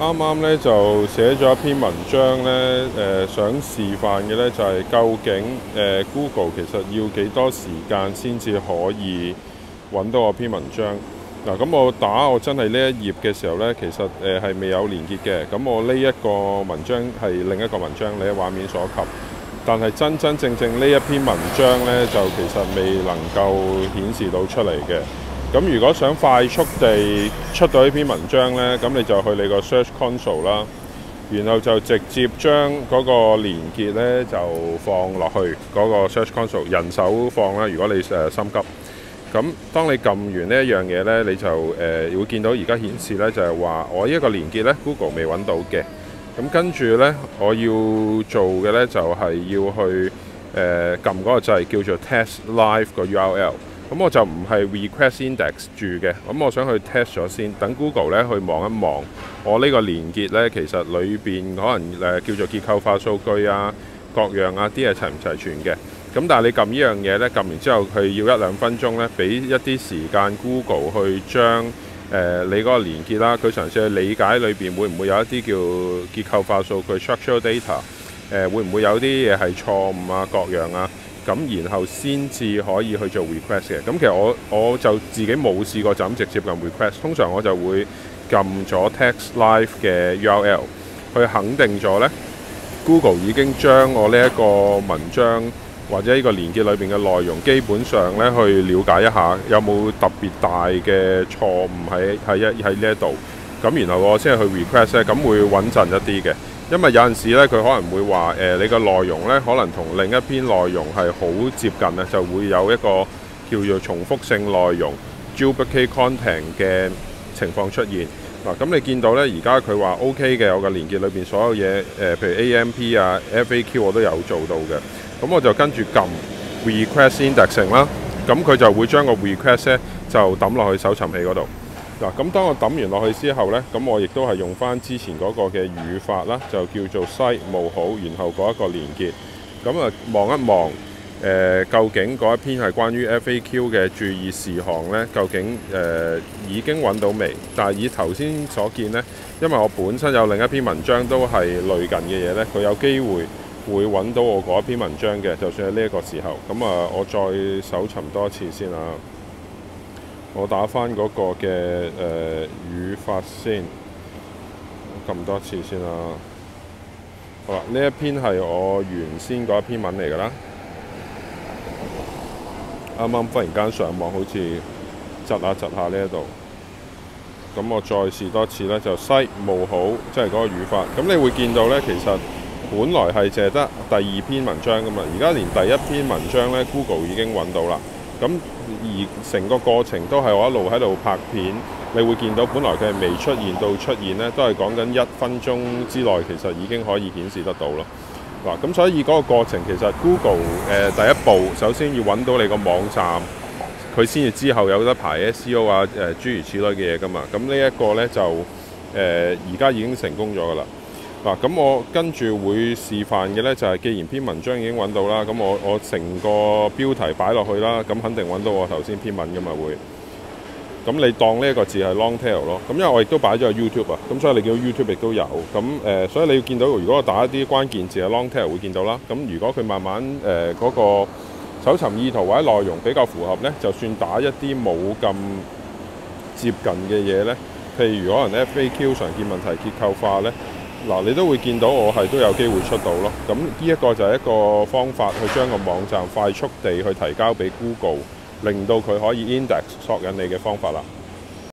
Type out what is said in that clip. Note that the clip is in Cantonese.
啱啱咧就寫咗一篇文章咧，誒、呃、想示範嘅咧就係究竟誒、呃、Google 其實要幾多時間先至可以揾到我篇文章？嗱、啊，咁我打我真係呢一頁嘅時候咧，其實誒係未有連結嘅。咁我呢一個文章係另一個文章，你喺畫面所及，但係真真正正呢一篇文章咧，就其實未能夠顯示到出嚟嘅。咁如果想快速地出到呢篇文章呢，咁你就去你個 Search Console 啦，然後就直接將嗰個連結呢就放落去嗰、那個 Search Console 人手放啦。如果你誒、啊、心急，咁當你撳完呢一樣嘢呢，你就誒、呃、會見到而家顯示呢就係、是、話我呢一個連結呢 Google 未揾到嘅，咁跟住呢，我要做嘅呢就係、是、要去誒撳嗰個掣叫做 Test Live 個 URL。咁我就唔係 request index 住嘅，咁我想去 test 咗先，等 Google 咧去望一望我呢個連結咧，其實裏邊可能誒叫做結構化數據啊，各樣啊啲嘢齊唔齊全嘅。咁但係你撳呢樣嘢咧，撳完之後佢要一兩分鐘咧，俾一啲時間 Google 去將誒、呃、你嗰個連結啦，佢嘗試去理解裏邊會唔會有一啲叫結構化數據 （structural data），誒會唔會有啲嘢係錯誤啊各樣啊？咁然後先至可以去做 request 嘅。咁其實我我就自己冇試過就咁直接撳 request。通常我就會撳咗 text live l i v e 嘅 URL 去肯定咗呢，Google 已經將我呢一個文章或者呢個連結裏邊嘅內容基本上呢去了解一下有有，有冇特別大嘅錯誤喺喺一喺呢一度。咁然後我先去 request 咧，咁會穩陣一啲嘅。因為有陣時咧，佢可能會話誒、呃，你個內容咧，可能同另一篇內容係好接近啊，就會有一個叫做重複性內容 Duplicate Content 嘅情況出現。嗱、啊，咁、嗯、你見到咧，而家佢話 OK 嘅，我個連結裏邊所有嘢誒，譬、呃、如 A M P 啊、F A Q 我都有做到嘅。咁、嗯、我就跟住撳 Request Indexing 啦，咁、嗯、佢就會將個 Request 咧就抌落去搜尋器嗰度。嗱，咁、嗯、當我抌完落去之後呢，咁、嗯、我亦都係用翻之前嗰個嘅語法啦，就叫做西冒號，然後嗰一個連結。咁、嗯、啊，望一望誒、呃，究竟嗰一篇係關於 FAQ 嘅注意事項呢？究竟誒、呃、已經揾到未？但係以頭先所見呢，因為我本身有另一篇文章都係類近嘅嘢呢，佢有機會會揾到我嗰一篇文章嘅，就算係呢一個時候。咁、嗯、啊、呃，我再搜尋多次先啊。我打翻嗰個嘅誒、呃、語法先，撳多次先啦。好啦，呢一篇係我原先嗰一篇文嚟㗎啦。啱啱忽然間上網好，好似窒下窒下呢一度。咁我再試多次咧，就西冇好，即係嗰個語法。咁你會見到咧，其實本來係借得第二篇文章㗎嘛，而家連第一篇文章咧，Google 已經揾到啦。咁而成個過程都係我一路喺度拍片，你會見到本來佢係未出現到出現呢，都係講緊一分鐘之內其實已經可以顯示得到啦。嗱、啊，咁所以嗰個過程其實 Google 誒、呃、第一步首先要揾到你個網站，佢先至之後有得排 SEO 啊、呃、誒諸如此類嘅嘢㗎嘛。咁呢一個呢，就誒而家已經成功咗㗎喇。嗱，咁我跟住會示範嘅呢，就係、是、既然篇文章已經揾到啦，咁我我成個標題擺落去啦，咁肯定揾到我頭先篇文噶嘛會。咁你當呢一個字係 long tail 咯，咁因為我亦都擺咗喺 YouTube 啊，咁所以你見到 YouTube 亦都有咁誒、呃，所以你要見到如果我打一啲關鍵字嘅 long tail 會見到啦。咁如果佢慢慢誒嗰、呃那個搜尋意圖或者內容比較符合呢，就算打一啲冇咁接近嘅嘢呢，譬如可能 FAQ 常見問題結構化呢。嗱，你都會見到我係都有機會出到咯。咁呢一個就係一個方法，去將個網站快速地去提交俾 Google，令到佢可以 index 索引你嘅方法啦。